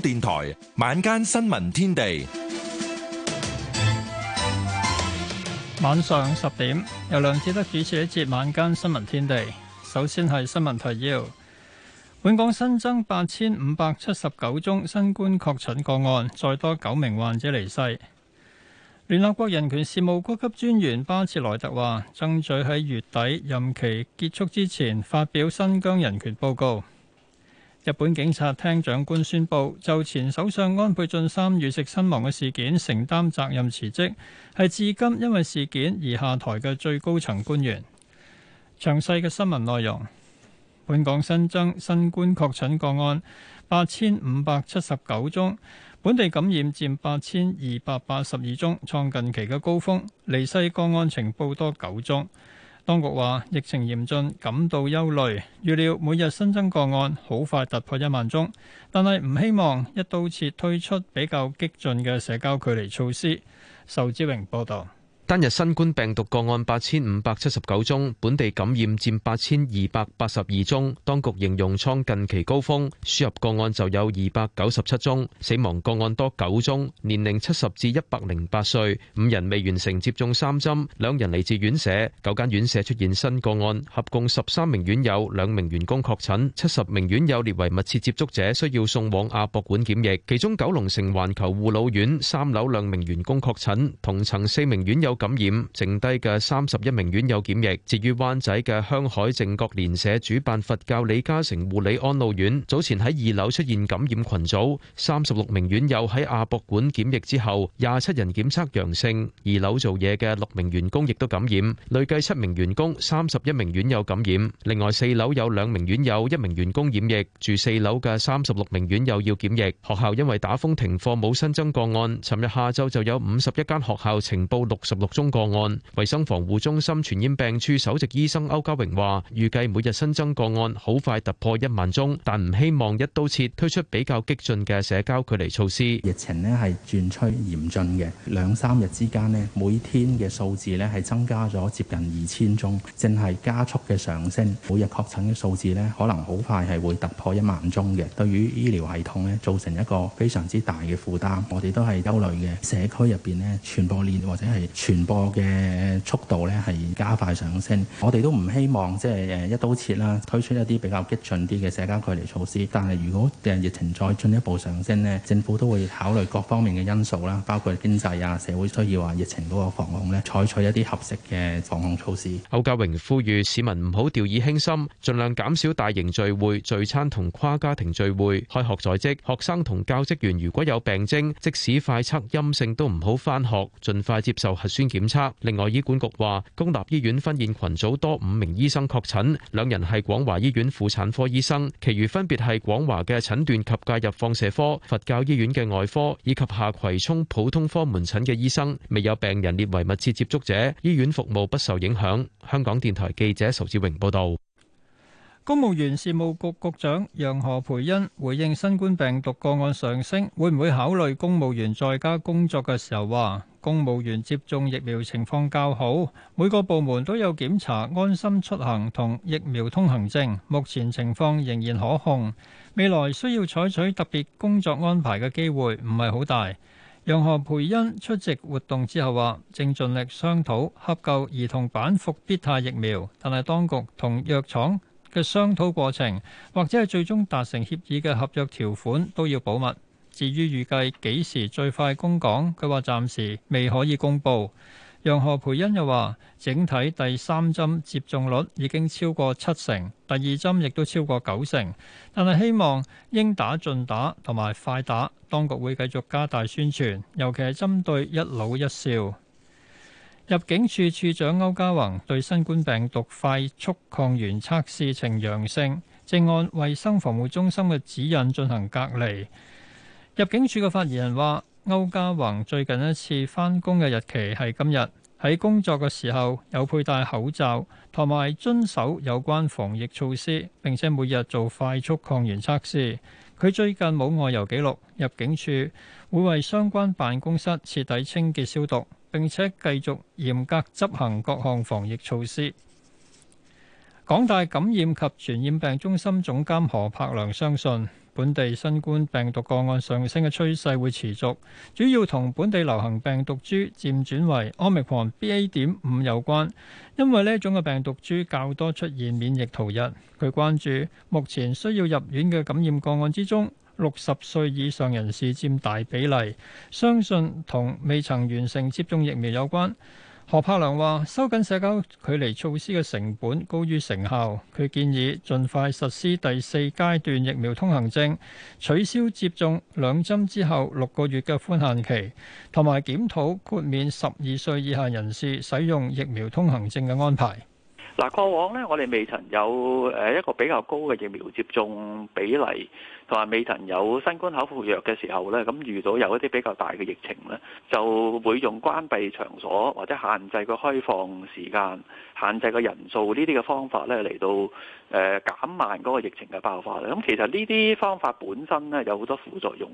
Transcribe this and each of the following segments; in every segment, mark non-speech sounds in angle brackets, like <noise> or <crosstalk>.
電台晚間新聞天地，晚上十點由梁志德主持一節晚間新聞天地。首先係新聞提要，本港新增八千五百七十九宗新冠確診個案，再多九名患者離世。聯合國人權事務高級專員巴切萊特話，爭取喺月底任期結束之前發表新疆人權報告。日本警察廳長官宣布，就前首相安倍晉三遇刺身亡嘅事件，承擔責任辭職，係至今因為事件而下台嘅最高層官員。詳細嘅新聞內容，本港新增新冠確診個案八千五百七十九宗，本地感染佔八千二百八十二宗，創近期嘅高峰。離世個案呈報多九宗。當局話疫情嚴峻，感到憂慮，預料每日新增個案好快突破一萬宗，但係唔希望一刀切推出比較激進嘅社交距離措施。仇志榮報導。單日新冠病毒個案八千五百七十九宗，本地感染佔八千二百八十二宗。當局形容創近期高峰，輸入個案就有二百九十七宗，死亡個案多九宗，年齡七十至一百零八歲，五人未完成接種三針，兩人嚟自院舍，九間院舍出現新個案，合共十三名院友、兩名員工確診，七十名院友列為密切接觸者，需要送往亞博館檢疫。其中九龍城環球護老院三樓兩名員工確診，同層四名院友。感染剩低嘅三十一名院友檢疫。至於灣仔嘅香海正覺蓮社主辦佛教李嘉誠護理安老院，早前喺二樓出現感染群組，三十六名院友喺亞博館檢疫之後，廿七人檢測陽性，二樓做嘢嘅六名員工亦都感染，累計七名員工、三十一名院友感染。另外四樓有兩名院友、一名員工染疫，住四樓嘅三十六名院友要檢疫。學校因為打風停課，冇新增個案。尋日下晝就有五十一間學校呈報六十六。六宗個案，衛生防護中心傳染病處首席醫生歐家榮話，預計每日新增個案好快突破一萬宗，但唔希望一刀切推出比較激進嘅社交距離措施。疫情咧係轉趨嚴峻嘅，兩三日之間咧，每天嘅數字咧係增加咗接近二千宗，正係加速嘅上升。每日確診嘅數字咧，可能好快係會突破一萬宗嘅。對於醫療系統咧，造成一個非常之大嘅負擔，我哋都係憂慮嘅。社區入邊咧，傳播鏈或者係傳傳播嘅速度咧係加快上升，我哋都唔希望即係一刀切啦，推出一啲比較激進啲嘅社交距離措施。但係如果誒疫情再進一步上升咧，政府都會考慮各方面嘅因素啦，包括經濟啊、社會需要啊、疫情嗰個防控咧，採取一啲合適嘅防控措施。歐家榮呼籲市民唔好掉以輕心，盡量減少大型聚會、聚餐同跨家庭聚會。開學在即，學生同教職員如果有病徵，即使快測陰性都唔好翻學，盡快接受核酸。檢測。另外，醫管局話，公立醫院發現群組多五名醫生確診，兩人係廣華醫院婦產科醫生，其餘分別係廣華嘅診斷及介入放射科、佛教醫院嘅外科以及下葵涌普通科門診嘅醫生，未有病人列為密切接觸者，醫院服務不受影響。香港電台記者仇志榮報道。公務員事務局局長楊何培恩回應新冠病毒個案上升，會唔會考慮公務員在家工作嘅時候，話公務員接種疫苗情況較好，每個部門都有檢查安心出行同疫苗通行證，目前情況仍然可控。未來需要採取特別工作安排嘅機會唔係好大。楊何培恩出席活動之後話，正盡力商討洽購兒童版復必泰疫苗，但係當局同藥廠嘅商討過程，或者係最終達成協議嘅合約條款都要保密。至於預計幾時最快公講，佢話暫時未可以公佈。楊何培恩又話，整體第三針接種率已經超過七成，第二針亦都超過九成。但係希望應打盡打同埋快打，當局會繼續加大宣傳，尤其係針對一老一少。入境處處長區嘉宏對新冠病毒快速抗原測試呈陽性，正按衛生防護中心嘅指引進行隔離。入境處嘅發言人話：區嘉宏最近一次返工嘅日期係今日，喺工作嘅時候有佩戴口罩，同埋遵守有關防疫措施，並且每日做快速抗原測試。佢最近冇外遊記錄，入境處會為相關辦公室徹底清潔消毒。並且繼續嚴格執行各項防疫措施。港大感染及傳染病中心總監何柏良相信，本地新冠病毒個案上升嘅趨勢會持續，主要同本地流行病毒株漸轉為 Omicron BA.5 有關，因為呢一種嘅病毒株較多出現免疫逃逸。佢關注目前需要入院嘅感染個案之中，六十歲以上人士佔大比例，相信同未曾完成接種疫苗有關。何柏良話，收緊社交距離措施嘅成本高於成效，佢建議盡快實施第四階段疫苗通行證，取消接種兩針之後六個月嘅寬限期，同埋檢討豁免十二歲以下人士使用疫苗通行證嘅安排。嗱，過往咧，我哋未曾有誒一個比較高嘅疫苗接種比例。話未曾有新冠口服藥嘅時候呢，咁遇到有一啲比較大嘅疫情呢，就會用關閉場所或者限制個開放時間、限制個人數呢啲嘅方法呢，嚟到誒減慢嗰個疫情嘅爆發咧。咁其實呢啲方法本身呢，有好多副作用，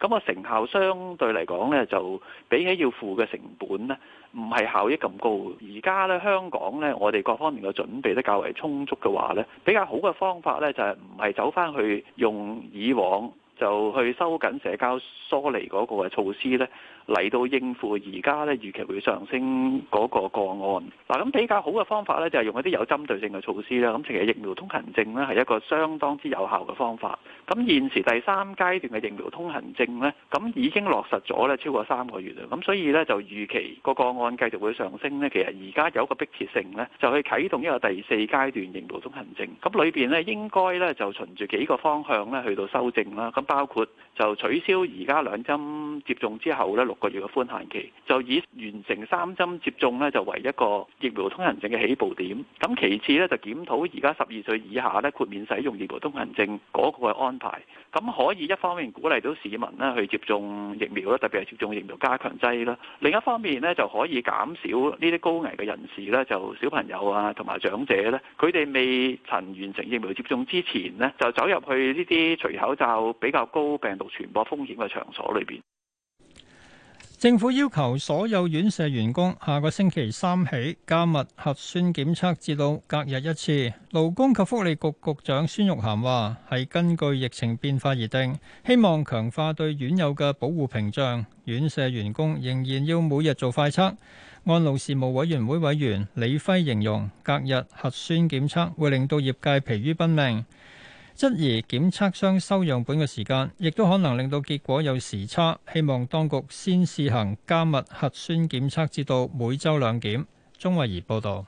咁個成效相對嚟講呢就比起要付嘅成本咧。唔係效益咁高，而家咧香港咧，我哋各方面嘅準備得較為充足嘅話咧，比較好嘅方法咧，就係唔係走翻去用以往就去收緊社交疏離嗰個嘅措施咧。嚟到應付而家咧預期會上升嗰個個案，嗱咁比較好嘅方法咧就係、是、用一啲有針對性嘅措施啦。咁其實疫苗通行證咧係一個相當之有效嘅方法。咁現時第三階段嘅疫苗通行證咧，咁已經落實咗咧超過三個月啦。咁所以咧就預期個個案繼續會上升咧，其實而家有一個迫切性咧，就去啟動一個第四階段疫苗通行證。咁裏邊咧應該咧就循住幾個方向咧去到修正啦。咁包括就取消而家兩針接種之後咧六個月嘅寬限期就以完成三針接種咧，就為一個疫苗通行證嘅起步點。咁其次咧，就檢討而家十二歲以下咧，豁免使用疫苗通行證嗰個嘅安排。咁可以一方面鼓勵到市民呢，去接種疫苗啦，特別係接種疫苗加強劑啦。另一方面咧，就可以減少呢啲高危嘅人士咧，就小朋友啊，同埋長者咧，佢哋未曾完成疫苗接種之前呢，就走入去呢啲除口罩比較高病毒傳播風險嘅場所裏邊。政府要求所有院舍員工下個星期三起加密核酸檢測，至到隔日一次。勞工及福利局局長孫玉涵話，係根據疫情變化而定，希望強化對院友嘅保護屏障。院舍員工仍然要每日做快測。安老事務委員會委員李輝形容，隔日核酸檢測會令到業界疲於奔命。質疑檢測商收樣本嘅時間，亦都可能令到結果有時差。希望當局先試行加密核酸檢測至到每周兩檢。鍾慧儀報導，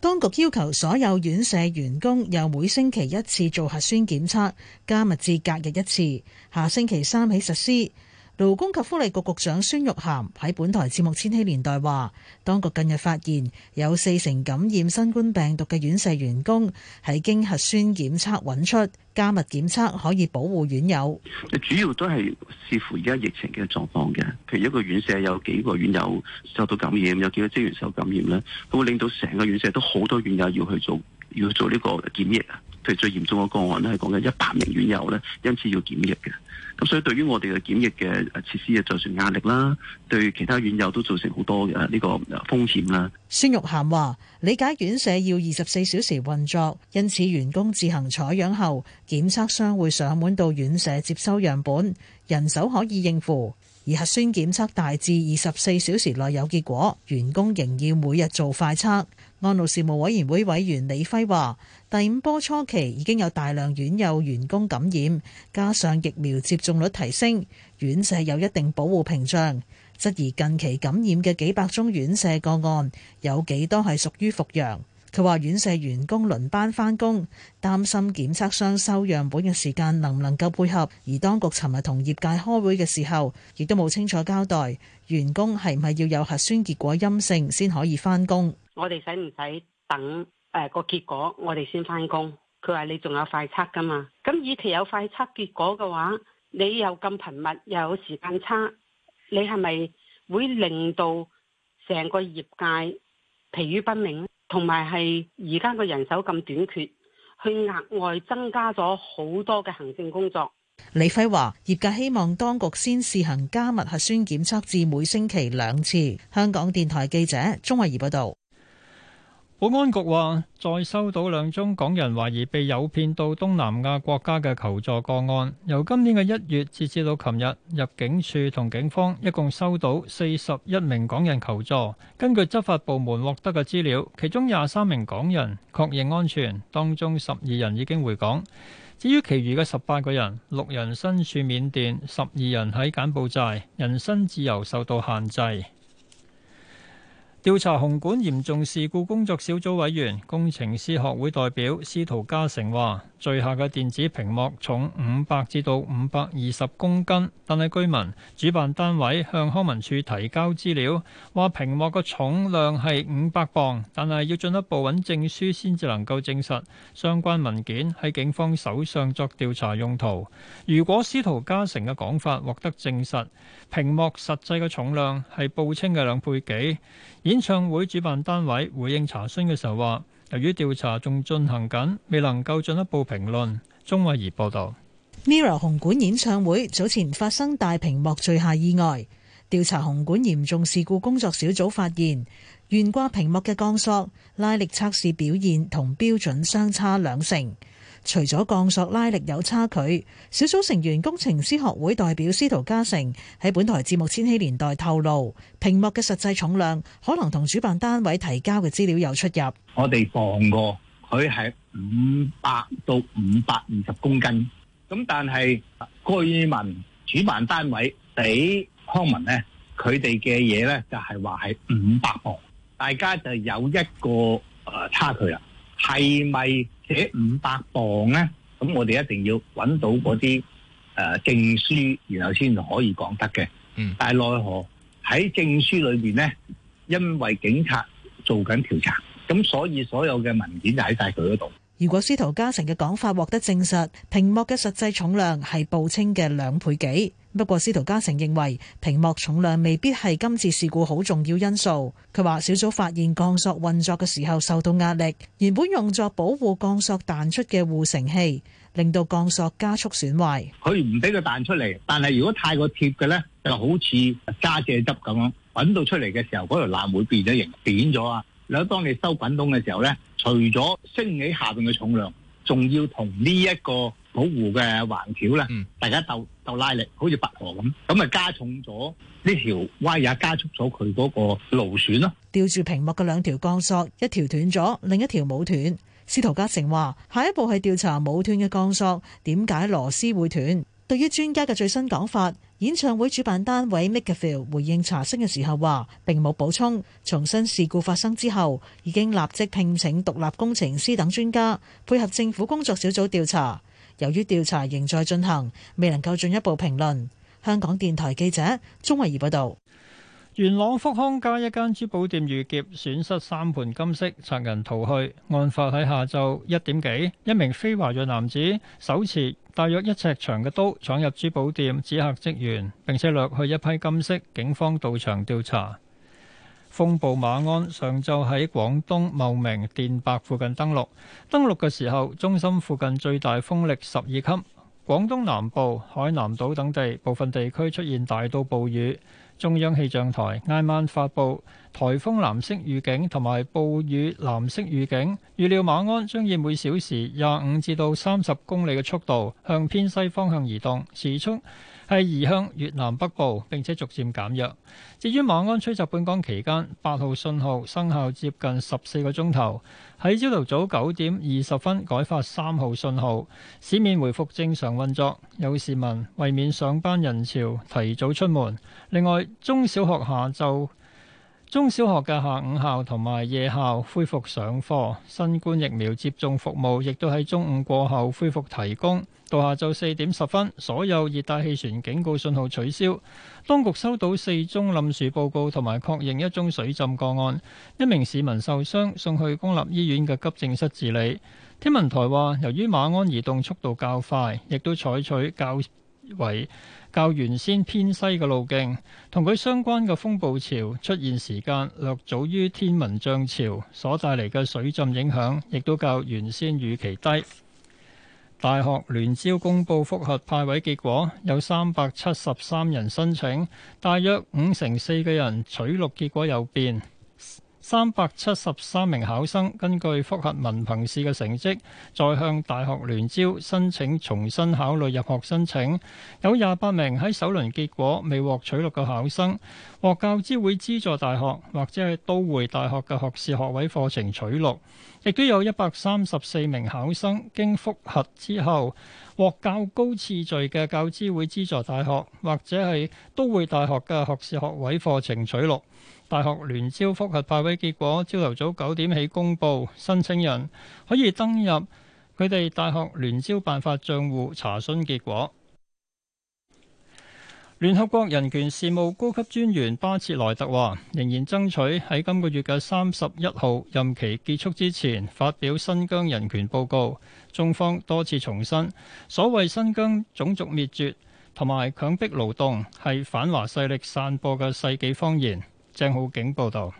當局要求所有院舍員工由每星期一次做核酸檢測，加密至隔日一次，下星期三起實施。勞工及福利局局長孫玉菡喺本台節目《千禧年代》話，當局近日發現有四成感染新冠病毒嘅院舍員工係經核酸檢測揾出，加密檢測可以保護院友。主要都係視乎而家疫情嘅狀況嘅，譬如一個院舍有幾個院友受到感染，有幾個職員受感染咧，都會令到成個院舍都好多院友要去做要做呢個檢疫啊。譬如最嚴重嘅個案咧，係講緊一百名院友咧，因此要檢疫嘅。咁所以對於我哋嘅檢疫嘅設施啊，造成壓力啦；對其他院友都造成好多嘅呢個風險啦。孫玉菡話：理解院舍要二十四小時運作，因此員工自行採樣後，檢測商會上門到院舍接收樣本，人手可以應付。而核酸檢測大致，二十四小時內有結果，員工仍要每日做快測。安老事務委員會委員李輝話，第五波初期已經有大量院友員工感染，加上疫苗接種率提升，院舍有一定保護屏障。質疑近期感染嘅幾百宗院舍個案，有幾多係屬於復陽？佢話：院舍員工輪班翻工，擔心檢測商收樣本嘅時間能唔能夠配合。而當局尋日同業界開會嘅時候，亦都冇清楚交代員工係唔係要有核酸結果陰性先可以翻工。我哋使唔使等誒個結果我，我哋先翻工？佢話你仲有快測㗎嘛？咁，以其有快測結果嘅話，你又咁頻密，又有時間差，你係咪會令到成個業界疲於奔命？同埋係而家個人手咁短缺，去額外增加咗好多嘅行政工作。李輝華：業界希望當局先試行加密核酸檢測至每星期兩次。香港電台記者鍾慧儀報道。保安局話，再收到兩宗港人懷疑被誘騙到東南亞國家嘅求助個案。由今年嘅一月截至到琴日，入境處同警方一共收到四十一名港人求助。根據執法部門獲得嘅資料，其中廿三名港人確認安全，當中十二人已經回港。至於其餘嘅十八個人，六人身處緬甸，十二人喺柬埔寨，人身自由受到限制。調查紅館嚴重事故工作小組委員、工程師學會代表司徒家成話：最下嘅電子屏幕重五百至到五百二十公斤，但係據聞主辦單位向康文署提交資料，話屏幕嘅重量係五百磅，但係要進一步揾證書先至能夠證實。相關文件喺警方手上作調查用途。如果司徒家成嘅講法獲得證實，屏幕實際嘅重量係報稱嘅兩倍幾。演唱會主辦單位回應查詢嘅時候話，由於調查仲進行緊，未能夠進一步評論。鍾慧儀報道，Mirror 紅館演唱會早前發生大屏幕墜下意外，調查紅館嚴重事故工作小組發現，懸掛屏幕嘅鋼索拉力測試表現同標準相差兩成。除咗降索拉力有差距，小組成員工程師學會代表司徒嘉誠喺本台節目《千禧年代》透露，屏幕嘅實際重量可能同主辦單位提交嘅資料有出入。我哋磅過，佢係五百到五百二十公斤，咁但係居民主辦單位俾康文咧，佢哋嘅嘢咧就係話係五百磅，大家就有一個誒差距啦。係咪寫五百磅呢？咁我哋一定要搵到嗰啲誒證書，然後先可以講得嘅。但係奈何喺證書裏邊呢，因為警察做緊調查，咁所以所有嘅文件就喺晒佢嗰度。如果司徒嘉誠嘅講法獲得證實，屏幕嘅實際重量係報稱嘅兩倍幾。不過，司徒嘉誠認為屏幕重量未必係今次事故好重要因素。佢話小組發現鋼索運作嘅時候受到壓力，原本用作保護鋼索彈出嘅護繩器，令到鋼索加速損壞。佢唔俾佢彈出嚟，但係如果太過貼嘅咧，就好似揸蔗汁咁樣，搵到出嚟嘅時候，嗰條纜會變咗形，扁咗啊！如果當你收滾筒嘅時候咧，除咗升起下邊嘅重量，仲要同呢一個保護嘅橫條咧，大家鬥。拉力好似白河咁，咁咪加重咗呢條威也，加速咗佢嗰個勞損咯。吊住屏幕嘅兩條鋼索，一條斷咗，另一條冇斷。司徒家成話：下一步係調查冇斷嘅鋼索點解螺絲會斷。對於專家嘅最新講法，演唱會主辦單位 MakerVille 回應查詢嘅時候話，並冇補充。重申事故發生之後，已經立即聘請獨立工程師等專家配合政府工作小組調查。由於調查仍在進行，未能夠進一步評論。香港電台記者鍾慧儀報道：元朗福康街一間珠寶店遇劫，損失三盤金飾，賊人逃去。案發喺下晝一點幾，一名非華裔男子手持大約一尺長嘅刀闖入珠寶店，指吓職員，並且掠去一批金飾。警方到場調查。風暴馬鞍上晝喺廣東茂名電白附近登陸，登陸嘅時候中心附近最大風力十二級，廣東南部、海南島等地部分地區出現大到暴雨。中央氣象台挨晚發布。台風藍色預警同埋暴雨藍色預警，預料，馬鞍將以每小時廿五至到三十公里嘅速度向偏西方向移動，時速係移向越南北部，並且逐漸減弱。至於馬鞍吹襲本港期間八號信號生效接近十四個鐘頭，喺朝頭早九點二十分改發三號信號，市面回復正常運作。有市民為免上班人潮提早出門，另外中小學下晝。中小學嘅下午校同埋夜校恢復上課，新冠疫苗接種服務亦都喺中午過後恢復提供。到下晝四點十分，所有熱帶氣旋警告信號取消。當局收到四宗冧樹報告同埋確認一宗水浸個案，一名市民受傷，送去公立醫院嘅急症室治理。天文台話，由於馬鞍移動速度較快，亦都採取較為較原先偏西嘅路徑，同佢相關嘅風暴潮出現時間略早於天文漲潮，所帶嚟嘅水浸影響亦都較原先預期低。大學聯招公布覆核派位結果，有三百七十三人申請，大約五成四嘅人取錄，結果有變。三百七十三名考生根據覆核文憑試嘅成績，再向大學聯招申請重新考慮入學申請。有廿八名喺首輪結果未獲取錄嘅考生，獲教資會資助大學或者係都會大學嘅學士學位課程取錄。亦都有一百三十四名考生經覆核之後，獲較高次序嘅教資會資助大學或者係都會大學嘅學士學位課程取錄。大學聯招複核派位結果，朝頭早九點起公布，申請人可以登入佢哋大學聯招辦法賬戶查詢結果。聯合國人權事務高級專員巴切萊特話，仍然爭取喺今個月嘅三十一號任期結束之前發表新疆人權報告。中方多次重申，所謂新疆種族滅絕同埋強迫勞動係反華勢力散播嘅世紀謊言。鄭浩景報道，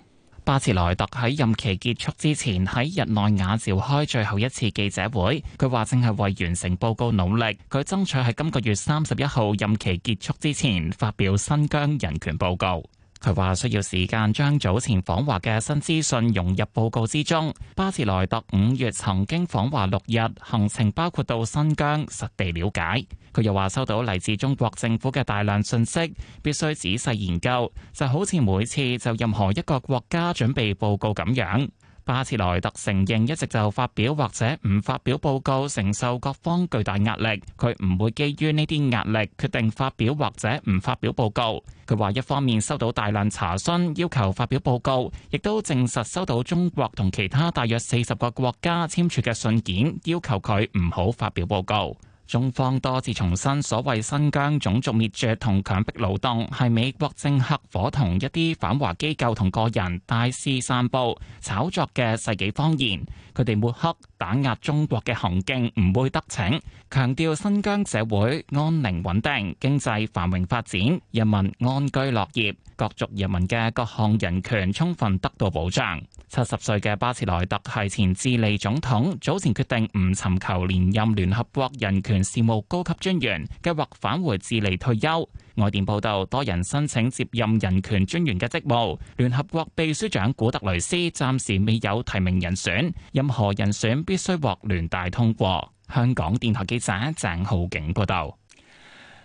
巴茨萊特喺任期結束之前，喺日內瓦召開最後一次記者會。佢話正係為完成報告努力，佢爭取喺今個月三十一號任期結束之前發表新疆人權報告。佢話需要時間將早前訪華嘅新資訊融入報告之中。巴切萊特五月曾經訪華六日，行程包括到新疆實地了解。佢又話收到嚟自中國政府嘅大量信息，必須仔細研究，就好似每次就任何一個國家準備報告咁樣。巴切萊特承認一直就發表或者唔發表報告承受各方巨大壓力，佢唔會基於呢啲壓力決定發表或者唔發表報告。佢話一方面收到大量查詢要求發表報告，亦都證實收到中國同其他大約四十個國家簽署嘅信件，要求佢唔好發表報告。中方多次重申，所謂新疆種族滅絕同強迫勞動係美國政客夥同一啲反華機構同個人大肆散布炒作嘅世紀謊言，佢哋抹黑。打壓中國嘅行徑唔會得逞，強調新疆社會安寧穩定、經濟繁榮發展、人民安居樂業、各族人民嘅各項人權充分得到保障。七十歲嘅巴切萊特係前智利總統，早前決定唔尋求連任聯合國人權事務高級專員，計劃返回智利退休。外電報道，多人申請接任人權專員嘅職務。聯合國秘書長古特雷斯暫時未有提名人選，任何人選必須獲聯大通過。香港電台記者鄭浩景報道。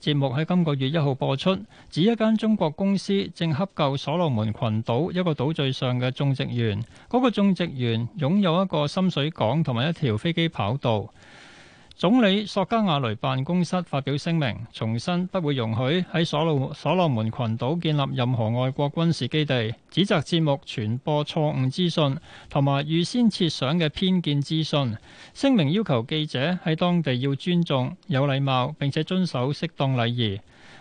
節目喺今個月一號播出，指一間中國公司正洽購所羅門群島一個島嶼上嘅種植園，嗰、那個種植園擁有一個深水港同埋一條飛機跑道。總理索加亞雷辦公室發表聲明，重申不會容許喺所羅所羅門群島建立任何外國軍事基地，指責節目傳播錯誤資訊同埋預先設想嘅偏見資訊。聲明要求記者喺當地要尊重、有禮貌，並且遵守適當禮儀。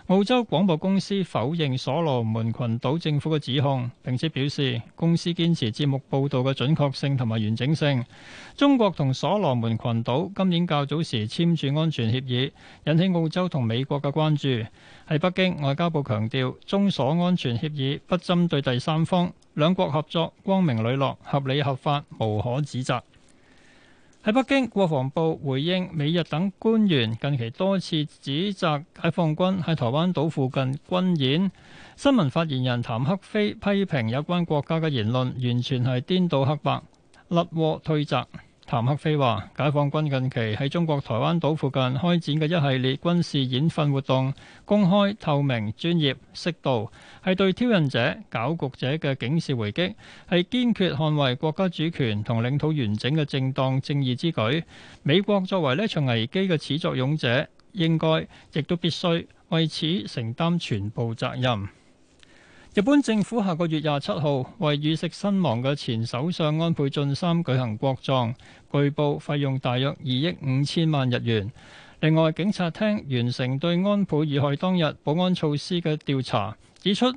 澳洲廣播公司否認所羅門群島政府嘅指控，並且表示公司堅持節目報道嘅準確性同埋完整性。中國同所羅門群島今年較早時簽署安全協議，引起澳洲同美國嘅關注。喺北京，外交部強調中所安全協議不針對第三方，兩國合作光明磊落、合理合法，無可指責。喺北京，國防部回應美日等官員近期多次指責解放軍喺台灣島附近軍演。新聞發言人譚克非批評有關國家嘅言論完全係顛倒黑白、甩鍋推責。譚克飛話：解放軍近期喺中國台灣島附近開展嘅一系列軍事演訓活動，公開、透明、專業、適度，係對挑釁者、攪局者嘅警示回擊，係堅決捍衛國家主權同領土完整嘅正當正義之舉。美國作為呢場危機嘅始作俑者，應該亦都必須為此承擔全部責任。日本政府下個月廿七號為遇刺身亡嘅前首相安倍晉三舉行國葬，據報費用大約二億五千萬日元。另外，警察廳完成對安倍遇害當日保安措施嘅調查，指出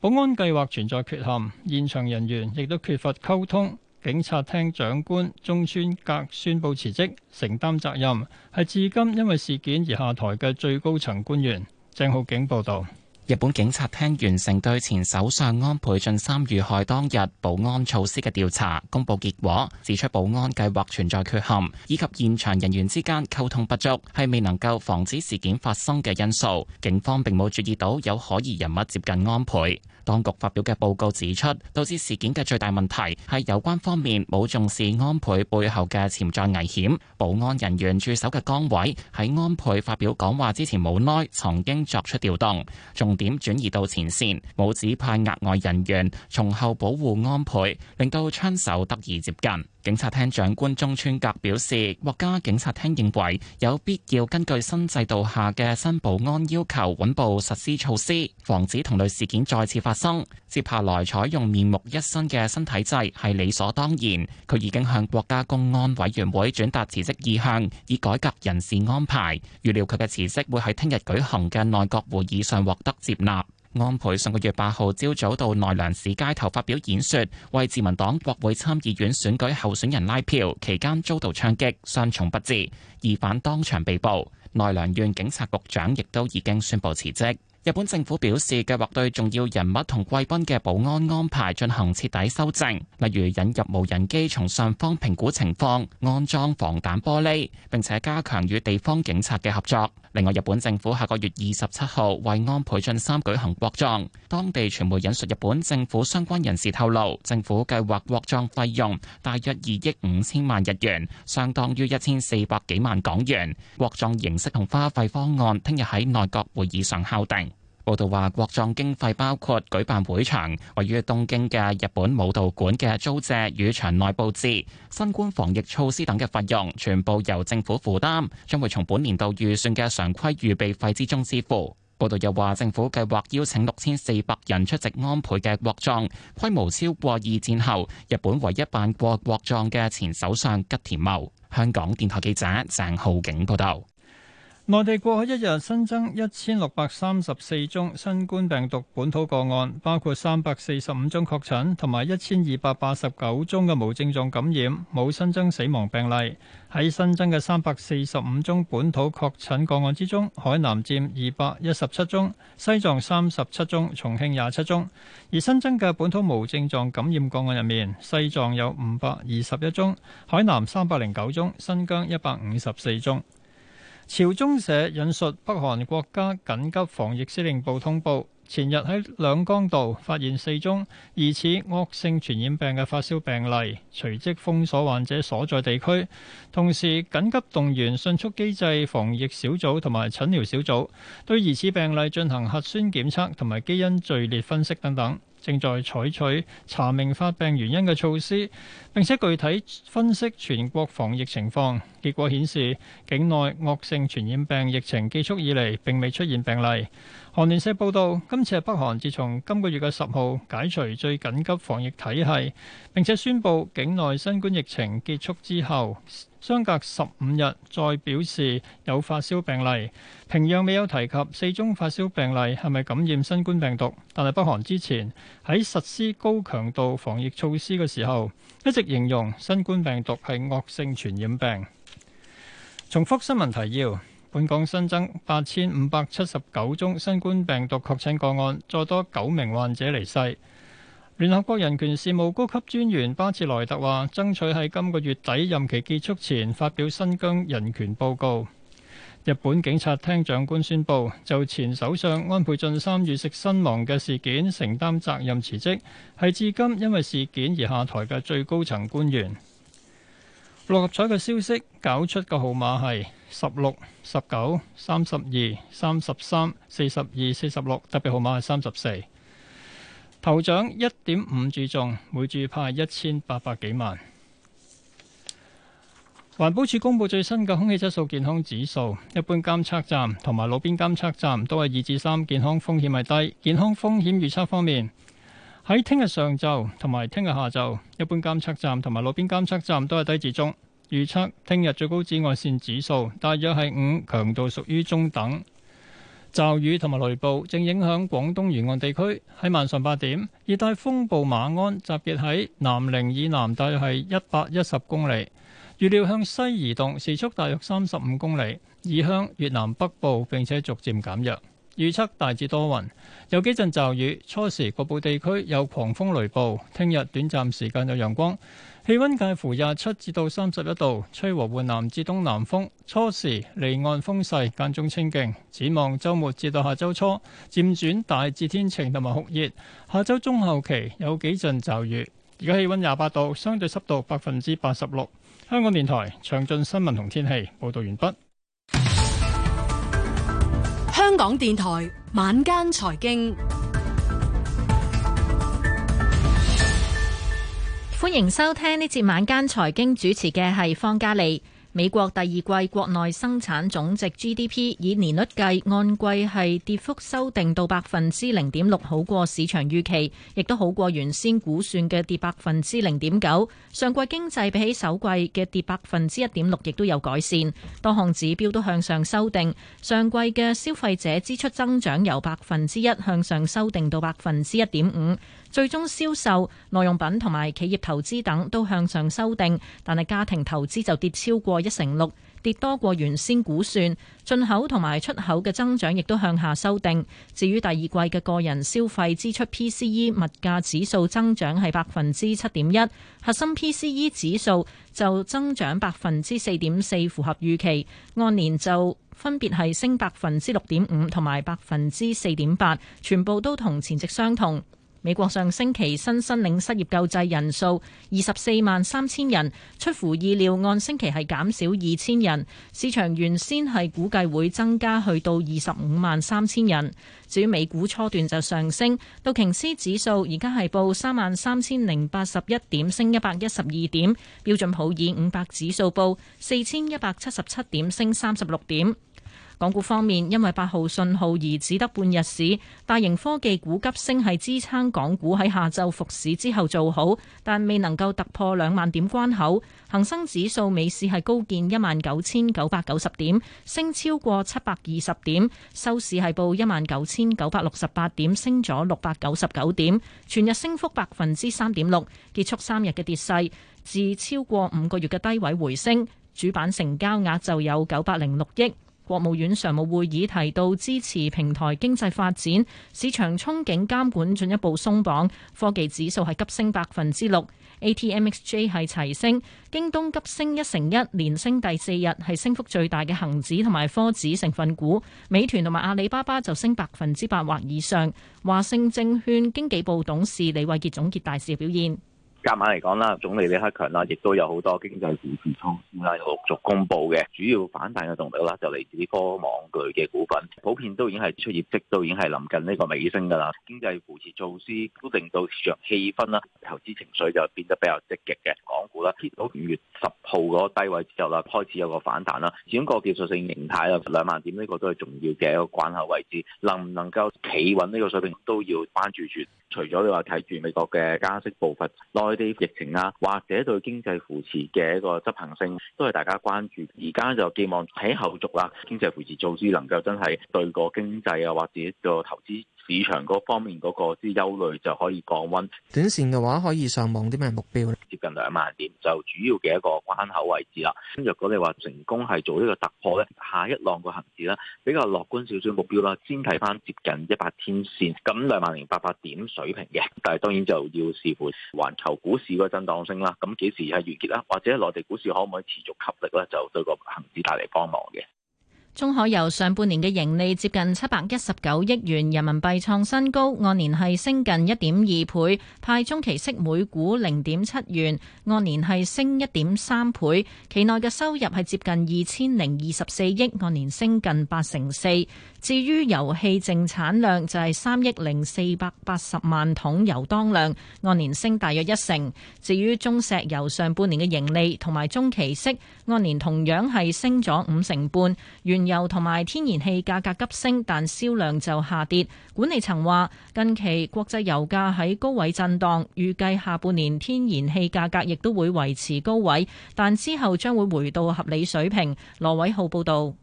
保安計劃存在缺陷，現場人員亦都缺乏溝通。警察廳長官中村格宣布辭職，承擔責任，係至今因為事件而下台嘅最高層官員。鄭浩景報道。日本警察廳完成對前首相安倍晉三遇害當日保安措施嘅調查，公布結果，指出保安計劃存在缺陷，以及現場人員之間溝通不足，係未能夠防止事件發生嘅因素。警方並冇注意到有可疑人物接近安倍。當局發表嘅報告指出，導致事件嘅最大問題係有關方面冇重視安倍背後嘅潛在危險。保安人員駐守嘅崗位喺安倍發表講話之前冇耐曾經作出調動，重點轉移到前線，冇指派額外人員從後保護安倍，令到槍手得以接近。警察廳長官中村格表示，國家警察廳認為有必要根據新制度下嘅新保安要求，穩步實施措施，防止同類事件再次發生。接下來採用面目一新嘅新體制係理所當然。佢已經向國家公安委員會轉達辭職意向，以改革人事安排。預料佢嘅辭職會喺聽日舉行嘅內閣會議上獲得接納。安倍上個月八號朝早到奈良市街頭發表演說，為自民黨國會參議院選舉候選人拉票，期間遭到槍擊，傷重不治，疑犯當場被捕。奈良縣警察局長亦都已經宣布辭職。日本政府表示，計劃對重要人物同貴賓嘅保安安排進行徹底修正，例如引入無人機從上方評估情況，安裝防彈玻璃，並且加強與地方警察嘅合作。另外，日本政府下個月二十七號為安倍晉三舉行國葬，當地傳媒引述日本政府相關人士透露，政府計劃國葬費用大約二億五千萬日元，相當於一千四百幾萬港元。國葬形式同花費方案，聽日喺內閣會議上敲定。報道話，國葬經費包括舉辦會場位於東京嘅日本武道館嘅租借與場內佈置、新冠防疫措施等嘅費用，全部由政府負擔，將會從本年度預算嘅常規預備費之中支付。報道又話，政府計劃邀請六千四百人出席安倍嘅國葬，規模超過二戰後日本唯一辦過國葬嘅前首相吉田茂。香港電台記者鄭浩景報道。內地過去一日新增一千六百三十四宗新冠病毒本土個案，包括三百四十五宗確診同埋一千二百八十九宗嘅無症狀感染，冇新增死亡病例。喺新增嘅三百四十五宗本土確診個案之中，海南佔二百一十七宗，西藏三十七宗，重慶廿七宗。而新增嘅本土無症狀感染個案入面，西藏有五百二十一宗，海南三百零九宗，新疆一百五十四宗。朝中社引述北韓國家緊急防疫司令部通報。前日喺兩江道發現四宗疑似惡性傳染病嘅發燒病例，隨即封鎖患者所在地區，同時緊急動員迅速機制防疫小組同埋診療小組，對疑似病例進行核酸檢測同埋基因序列分析等等，正在採取查明發病原因嘅措施，並且具體分析全國防疫情況。結果顯示，境內惡性傳染病疫情結束以嚟並未出現病例。韓聯社報導，今次係北韓自從今個月嘅十號解除最緊急防疫體系，並且宣布境內新冠疫情結束之後，相隔十五日再表示有發燒病例。平壤未有提及四宗發燒病例係咪感染新冠病毒，但係北韓之前喺實施高強度防疫措施嘅時候，一直形容新冠病毒係惡性傳染病。重複新聞提要。本港新增八千五百七十九宗新冠病毒確診個案，再多九名患者離世。聯合國人權事務高級專員巴切萊特話，爭取喺今個月底任期結束前發表新疆人權報告。日本警察廳長官宣布，就前首相安倍晉三遇刺身亡嘅事件承擔責任辭職，係至今因為事件而下台嘅最高層官員。六合彩嘅消息，搞出個號碼係。十六、十九、三十二、三十三、四十二、四十六，特別號碼係三十四。頭獎一點五注中，每注派一千八百幾萬。環保署公布最新嘅空氣質素健康指數，一般監測站同埋路邊監測站都係二至三，健康風險係低。健康風險預測方面，喺聽日上晝同埋聽日下晝，一般監測站同埋路邊監測站都係低至中。預測聽日最高紫外線指數大約係五，強度屬於中等。驟雨同埋雷暴正影響廣東沿岸地區。喺晚上八點，熱帶風暴馬鞍集結喺南寧以南大約係一百一十公里，預料向西移動，時速大約三十五公里，移向越南北部，並且逐漸減弱。預測大致多雲，有幾陣驟雨，初時局部地區有狂風雷暴。聽日短暫時間有陽光。氣温介乎廿七至到三十一度，吹和緩南至東南風，初時離岸風勢間中清勁，展望周末至到下周初漸轉大致天晴同埋酷熱，下周中後期有幾陣驟雨。而家氣温廿八度，相對濕度百分之八十六。香港電台詳盡新聞同天氣報道完畢。香港電台晚間財經。歡迎收聽呢節晚間財經，主持嘅係方嘉利。美國第二季國內生產總值 GDP 以年率計，按季係跌幅修訂到百分之零點六，好過市場預期，亦都好過原先估算嘅跌百分之零點九。上季經濟比起首季嘅跌百分之一點六，亦都有改善，多項指標都向上修訂。上季嘅消費者支出增長由百分之一向上修訂到百分之一點五。最終銷售、耐用品同埋企業投資等都向上修訂，但係家庭投資就跌超過一成六，跌多過原先估算。進口同埋出口嘅增長亦都向下修訂。至於第二季嘅個人消費支出 （PCE） 物價指數增長係百分之七點一，核心 PCE 指數就增長百分之四點四，符合預期。按年就分別係升百分之六點五同埋百分之四點八，全部都同前值相同。美國上星期新申領失業救濟人數二十四萬三千人，出乎意料，按星期係減少二千人。市場原先係估計會增加去到二十五萬三千人。至於美股初段就上升，道瓊斯指數而家係報三萬三千零八十一點，升一百一十二點。標準普爾五百指數報四千一百七十七點，升三十六點。港股方面，因為八號信號而只得半日市。大型科技股急升，係支撐港股喺下晝復市之後做好，但未能夠突破兩萬點關口。恒生指數尾市係高見一萬九千九百九十點，升超過七百二十點，收市係報一萬九千九百六十八點，升咗六百九十九點，全日升幅百分之三點六，結束三日嘅跌勢，自超過五個月嘅低位回升。主板成交額就有九百零六億。國務院常務會議提到支持平台經濟發展，市場憧憬監管進一步鬆綁，科技指數係急升百分之六，A T M X J 係齊升，京東急升一成一，連升第四日係升幅最大嘅恒指同埋科指成分股，美團同埋阿里巴巴就升百分之八或以上。華盛證券經紀部董事李偉杰總結大市表現。加碼嚟講啦，總理李克強啦，亦都有好多經濟扶持措施啦，有陸續公布嘅。主要反彈嘅動力啦，就嚟自科網類嘅股份，普遍都已經係出業績，都已經係臨近呢個尾聲㗎啦。經濟扶持措施都令到市場氣氛啦，投資情緒就變得比較積極嘅。港股啦，跌到五月十號嗰低位之後啦，開始有個反彈啦。始終個技術性形態啦，兩萬點呢個都係重要嘅一個關口位置，能唔能夠企穩呢個水平都要關注住。除咗你話睇住美國嘅加息步伐、內地疫情啦、啊，或者對經濟扶持嘅一個執行性，都係大家關注。而家就寄望喺後續啦、啊，經濟扶持措施能夠真係對個經濟啊，或者個投資。市場嗰方面嗰個即係憂慮就可以降溫。短線嘅話可以上望啲咩目標咧？接近兩萬點就主要嘅一個關口位置啦。咁如果你話成功係做呢個突破咧，下一浪個恒指啦，比較樂觀少少目標啦，先睇翻接近一百天線，咁兩萬零八百點水平嘅。但係當然就要視乎環球股市個震盪性啦。咁幾時係完結啦？或者內地股市可唔可以持續吸力咧？就對個恒指帶嚟幫忙嘅。中海油上半年嘅盈利接近七百一十九億元人民幣創新高，按年係升近一點二倍，派中期息每股零點七元，按年係升一點三倍。期內嘅收入係接近二千零二十四億，按年升近八成四。至於油氣淨產量就係三億零四百八十萬桶油當量，按年升大約一成。至於中石油上半年嘅盈利同埋中期息，按年同樣係升咗五成半。完。油同埋天然氣價格急升，但銷量就下跌。管理層話，近期國際油價喺高位震盪，預計下半年天然氣價格亦都會維持高位，但之後將會回到合理水平。羅偉浩報道，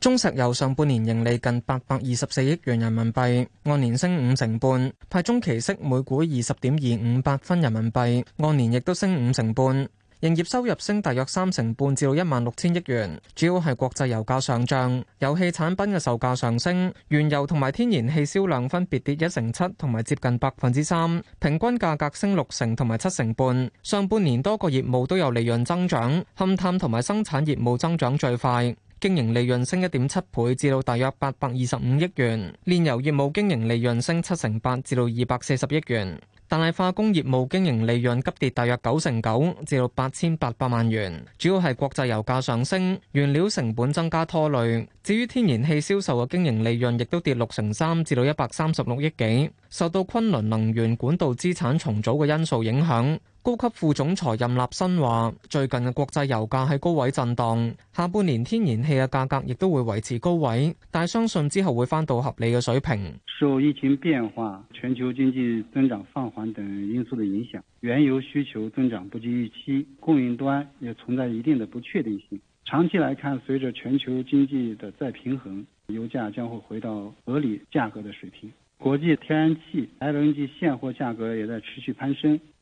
中石油上半年盈利近八百二十四億元人民幣，按年升五成半，派中期息每股二十點二五百分人民幣，按年亦都升五成半。營業收入升大約三成半至到一萬六千億元，主要係國際油價上漲、油氣產品嘅售價上升、原油同埋天然氣銷量分別跌一成七同埋接近百分之三，平均價格升六成同埋七成半。上半年多個業務都有利潤增長，勘探同埋生產業務增長最快，經營利潤升一點七倍至到大約八百二十五億元，煉油業務經營利潤升七成八至到二百四十億元。但係化工業務經營利潤急跌大約九成九，至到八千八百萬元，主要係國際油價上升、原料成本增加拖累。至於天然氣銷售嘅經營利潤亦都跌六成三，至到一百三十六億幾，受到崑崙能源管道資產重組嘅因素影響。高級副總裁任立新話：最近嘅國際油價喺高位震蕩，下半年天然氣嘅價格亦都會維持高位，但相信之後會翻到合理嘅水平。受疫情變化、全球經濟增長放緩等因素的影響，原油需求增長不及預期，供應端也存在一定的不確定性。長期來看，隨着全球經濟的再平衡，油價將會回到合理價格的水平。國際天然氣 LNG 現貨價格也在持續攀升。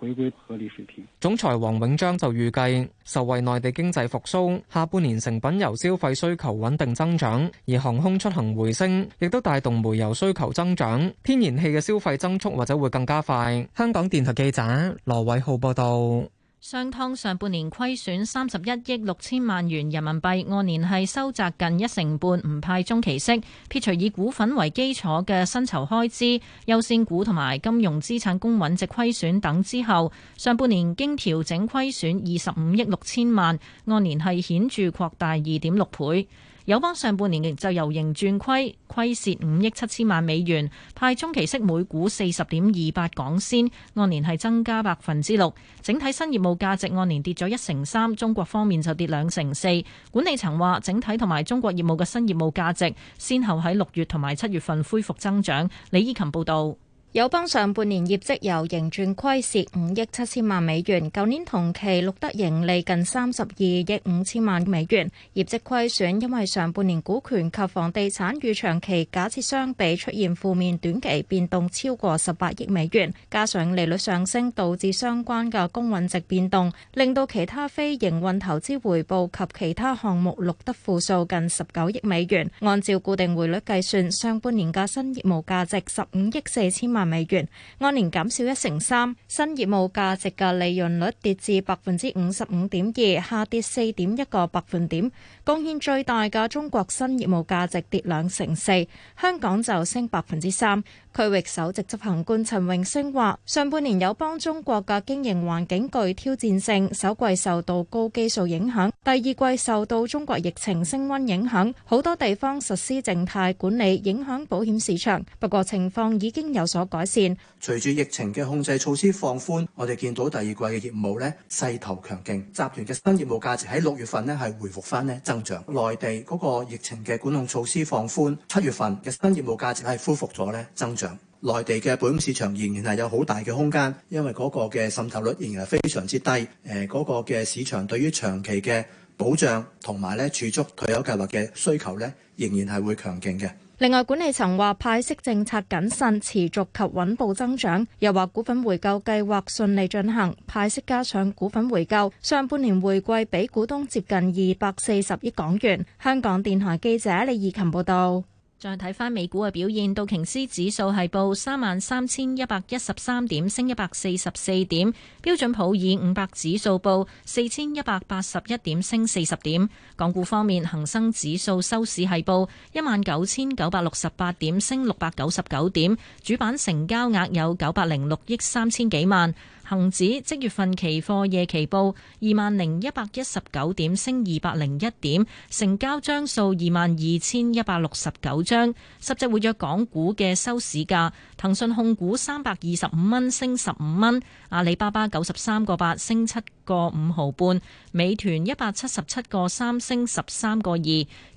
回歸合理水平。總裁王永章就預計，受惠內地經濟復蘇，下半年成品油消費需求穩定增長，而航空出行回升，亦都帶動煤油需求增長，天然氣嘅消費增速或者會更加快。香港電台記者羅偉浩報道。商湯上半年虧損三十一億六千萬元人民幣，按年係收窄近一成半，唔派中期息。撇除以股份為基礎嘅薪酬開支、優先股同埋金融資產公允值虧損等之後，上半年經調整虧損二十五億六千萬，按年係顯著擴大二點六倍。友邦上半年亦就由盈轉虧，虧蝕五億七千萬美元，派中期息每股四十點二八港仙，按年係增加百分之六。整體新業務價值按年跌咗一成三，中國方面就跌兩成四。管理層話，整體同埋中國業務嘅新業務價值先後喺六月同埋七月份恢復增長。李依琴報道。友邦上半年業績由盈轉虧，蝕五億七千萬美元。舊年同期錄得盈利近三十二億五千萬美元。業績虧損因為上半年股權及房地產與長期假設相比出現負面短期變動超過十八億美元，加上利率上升導致相關嘅公允值變動，令到其他非營運投資回報及其他項目錄得負數近十九億美元。按照固定匯率計算，上半年嘅新業務價值十五億四千萬。萬美元，按年減少一成三，新業務價值嘅利潤率跌至百分之五十五點二，下跌四點一個百分點，貢獻最大嘅中國新業務價值跌兩成四，香港就升百分之三。區域首席執行官陳榮升話，上半年友邦中國嘅經營環境具挑戰性，首季受到高基數影響，第二季受到中國疫情升溫影響，好多地方實施靜態管理，影響保險市場。不過情況已經有所改善。隨住疫情嘅控制措施放寬，我哋見到第二季嘅業務咧勢頭強勁，集團嘅新業務價值喺六月份咧係回復返咧增長。內地嗰個疫情嘅管控措施放寬，七月份嘅新業務價值係恢復咗咧增長。內地嘅保險市場仍然係有好大嘅空間，因為嗰個嘅滲透率仍然係非常之低。誒、呃，嗰、嗰個嘅市場對於長期嘅保障同埋咧儲蓄退休計劃嘅需求咧，仍然係會強勁嘅。另外，管理層話派息政策謹慎、持續及穩步增長，又話股份回購計劃順利進行。派息加上股份回購，上半年回饋俾股東接近二百四十億港元。香港電台記者李義琴報道。再睇翻美股嘅表現，道瓊斯指數係報三萬三千一百一十三點，升一百四十四點；標準普爾五百指數報四千一百八十一點，升四十點。港股方面，恆生指數收市係報一萬九千九百六十八點，升六百九十九點。主板成交額有九百零六億三千幾萬。恒指即月份期貨夜期報二萬零一百一十九點，升二百零一點，成交張數二萬二千一百六十九張。十隻活躍港股嘅收市價，騰訊控股三百二十五蚊，升十五蚊。阿里巴巴九十三個八升七個五毫半，美團一百七十七個三升十三個二，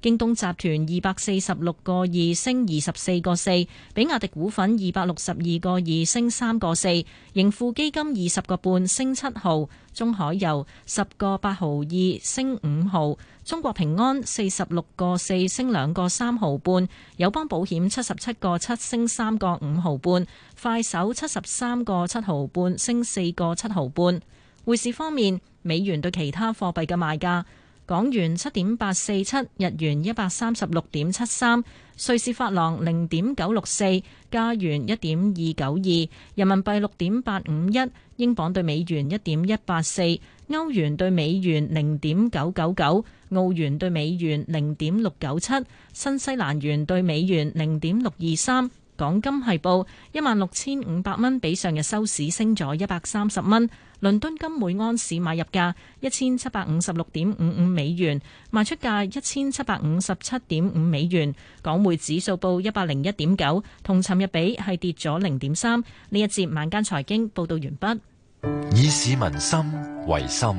京東集團二百四十六個二升二十四個四，比亞迪股份二百六十二個二升三個四，盈富基金二十個半升七毫，中海油十個八毫二升五毫。中國平安四十六個四升兩個三毫半，友邦保險七十七個七升三個五毫半，快手七十三個七毫半升四個七毫半。匯市方面，美元對其他貨幣嘅賣價。港元七點八四七，日元一百三十六點七三，瑞士法郎零點九六四，加元一點二九二，人民幣六點八五一，英鎊對美元一點一八四，歐元對美元零點九九九，澳元對美元零點六九七，新西蘭元對美元零點六二三。港金係報一萬六千五百蚊，比上日收市升咗一百三十蚊。倫敦金每安士買入價一千七百五十六點五五美元，賣出價一千七百五十七點五美元。港匯指數報一百零一點九，同尋日比係跌咗零點三。呢一節晚間財經報道完畢。以市民心為心，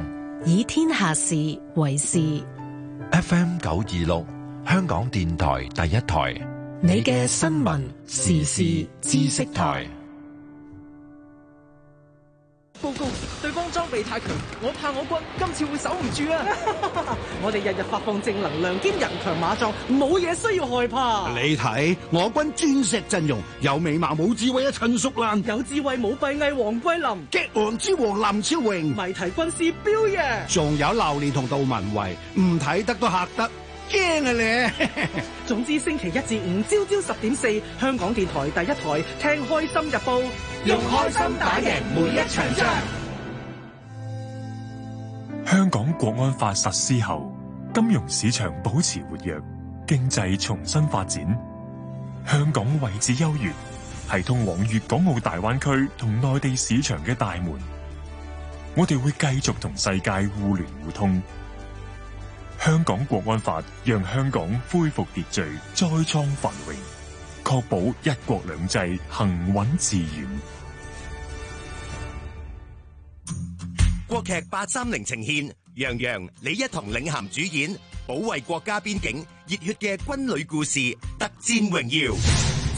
以天下事為事。FM 九二六，香港電台第一台，你嘅新聞時事知識台。報告，對方裝備太強，我怕我軍今次會守唔住啊！ <laughs> 我哋日日發放正能量，兼人強馬壯，冇嘢需要害怕。你睇我軍鑽石陣容，有美貌冇智慧一陳淑蘭；有智慧冇閉翳，王桂林；激昂之王林超榮；謎題軍師彪爺；仲有劉蓮同杜文慧，唔睇得都吓得驚啊你！ <laughs> 總之星期一至五朝朝十點四，香港電台第一台聽開心日報。用開心打贏每一場仗。香港國安法實施後，金融市場保持活躍，經濟重新發展。香港位置優越，係通往粵港澳大灣區同內地市場嘅大門。我哋會繼續同世界互聯互通。香港國安法讓香港恢復秩序，再創繁榮。確保一國兩制行穩致遠。國劇八三零呈獻，楊洋、李一桐領銜主演，保衛國家邊境，熱血嘅軍旅故事《特戰榮耀》。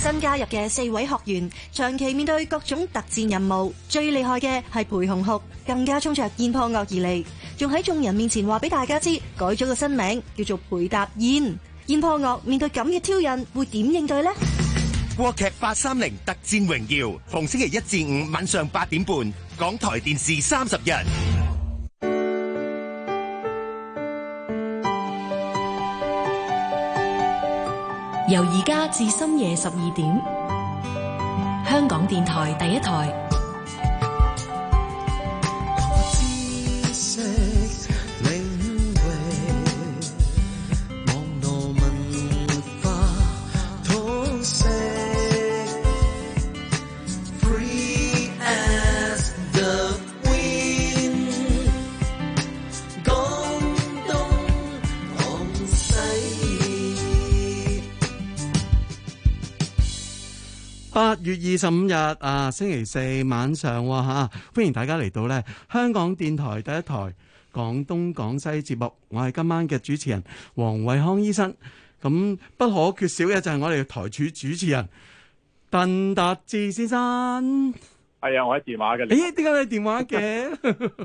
新加入嘅四位學員長期面對各種特戰任務，最厲害嘅係裴紅酷，更加衝著燕破岳而嚟，仲喺眾人面前話俾大家知，改咗個新名叫做裴達燕。燕破岳面對咁嘅挑釁，會點應對呢？《國劇八三零特戰榮耀》逢星期一至五晚上八點半，港台電視三十日，由而家至深夜十二點，香港電台第一台。月二十五日啊，星期四晚上吓、啊，歡迎大家嚟到咧香港電台第一台廣東廣西節目。我係今晚嘅主持人王惠康醫生。咁、啊、不可缺少嘅就係我哋台柱主，主持人鄧達智先生。係、哎、呀，我喺電話嘅。咦、哎？點解你電話嘅？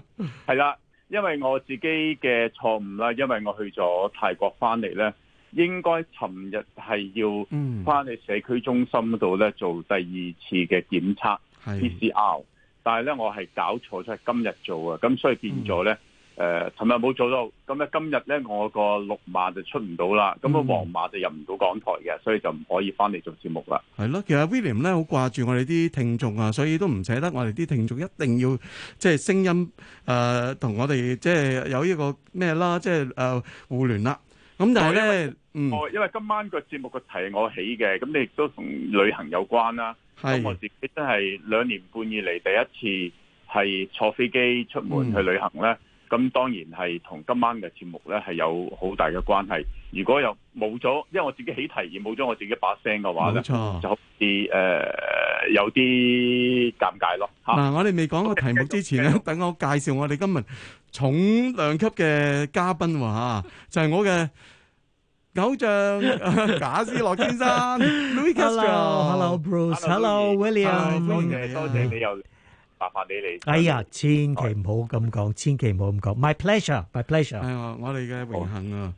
係啦， <laughs> <laughs> 因為我自己嘅錯誤啦，因為我去咗泰國翻嚟咧。應該尋日係要翻去社區中心嗰度咧做第二次嘅檢測 PCR，的但係咧我係搞錯咗，係今日做嘅，咁所以變咗咧誒，尋、嗯呃、日冇做到，咁咧今日咧我個綠碼就出唔到啦，咁個黃碼就入唔到港台嘅，所以就唔可以翻嚟做節目啦。係咯，其實 William 咧好掛住我哋啲聽眾啊，所以都唔捨得我哋啲聽眾，一定要即係聲音誒同、呃、我哋即係有呢個咩啦，即係誒互聯啦。咁但係咧，哦，因為今晚個節目個題我起嘅，咁、嗯、你亦都同旅行有關啦。咁係，我自己真係兩年半以嚟第一次係坐飛機出門去旅行咧。嗯咁當然係同今晚嘅節目咧係有好大嘅關係。如果又冇咗，因為我自己起提而冇咗我自己把聲嘅話咧，就好似誒、呃，有啲尷尬咯。嗱、啊，我哋未講個題目之前咧，等我介紹我哋今日重量級嘅嘉賓喎、啊、就係、是、我嘅偶像賈斯洛先生。Hello，Hello，Bruce，Hello，William，多謝你又。麻煩你嚟。哎呀，千祈唔好咁講，千祈唔好咁講。My pleasure, my pleasure。哎。係我，我哋嘅榮幸啊！